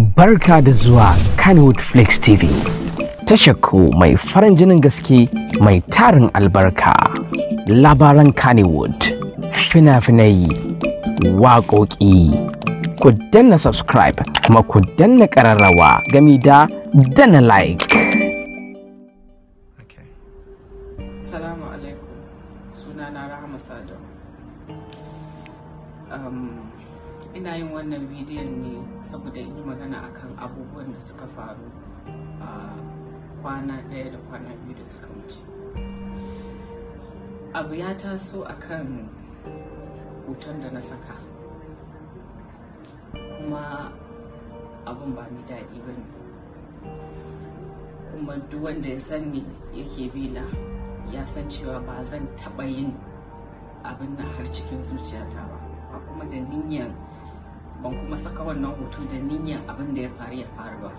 barka da zuwa Kannywood Flex TV. Tashakku mai farin jinin gaske mai tarin albarka. Labaran kanewood fina-finai, waƙoƙi. Ku danna subscribe kuma ku danna ƙararrawa gami da danna like. ina yin wannan bidiyon ne saboda yi magana akan abubuwan da suka faru a kwana ɗaya da kwana biyu da suka wuce abu ya taso akan hoton da na saka kuma abun ba mai daɗi ba ne kuma duk wanda ya sani yake bi na ya san cewa ba zan taɓa yin abin na har cikin zuciyata ba ba kuma da niyyar ban kuma saka wannan hoto da niyyar abin da ya faru ya faru ba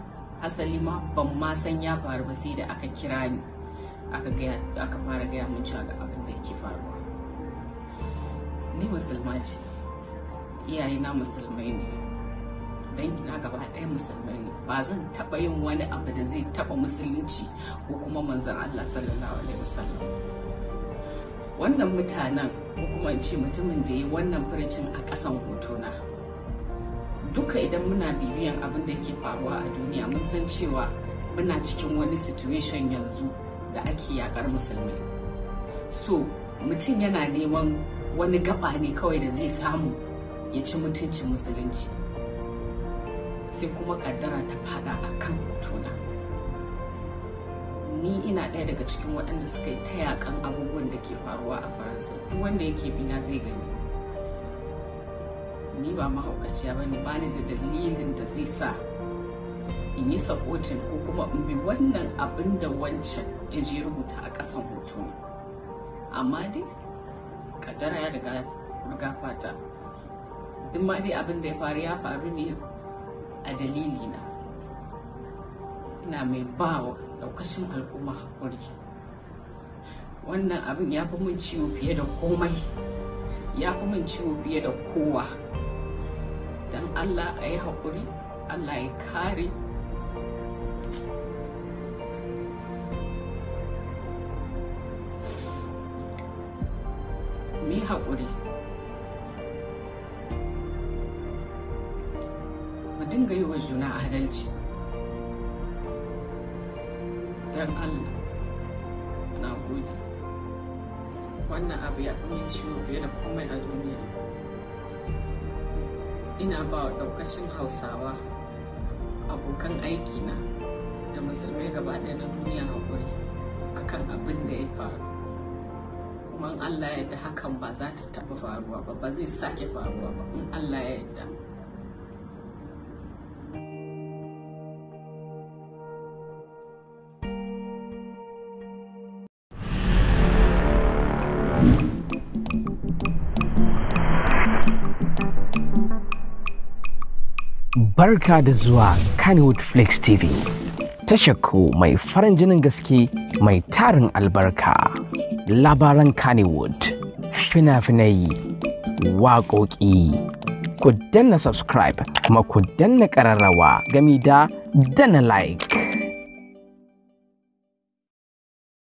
hasali ma ban ma san ya faru ba sai da aka kira ni aka fara gaya mun cewa ga abin da yake faruwa ni musulma ce iyaye na musulmai ne na gaba ɗaya musulmai ne ba zan taɓa yin wani abu da zai taɓa musulunci ko kuma manzon Allah sallallahu alaihi wasallam wannan mutanen ko kuma ce mutumin da ya wannan furicin a ƙasan hotona. duka idan muna bibiyan abin da ke faruwa a duniya mun san cewa muna cikin wani situation yanzu da ake yakar musulmi so mutum yana neman wani gaba ne kawai da zai samu ya ci mutuncin musulunci sai kuma kaddara ta fada a kan tuna ni ina ɗaya daga cikin waɗanda suka yi ta yakan abubuwan da ke faruwa a faransa wanda yake bina zai gani ni ba mahaukaciya ba ne ba ni da dalilin da zai sa in yi sabotin ko kuma in bi wannan abin da wancan ya je rubuta a ƙasan hoto amma dai kadara ya riga riga fata duk ma dai abin da ya faru ya faru ne a dalili na ina mai bawa daukashin al'umma hakuri wannan abin ya fi mun ciwo fiye da komai ya fi mun ciwo fiye da kowa Allah a yi haƙuri Allah ya kare mi haƙuri mu dinga yi wa juna adalci don Allah na gode wannan abu ya kuma ciwo fiye da komai a duniya ina ba wa daukacin hausawa abokan aiki na da musulmai gaba ɗaya na duniya haƙuri kan abin da ya faru kuma in allah ya yadda hakan ba za ta taɓa faruwa ba ba zai sake faruwa ba in allah ya yadda. Barka da zuwa Kannywood Flix TV. Tashakku mai farin jinin gaske mai tarin albarka. Labaran Kannywood, fina-finai, waƙoƙi. Ku danna subscribe kuma ku danna ƙararrawa gami da danna like.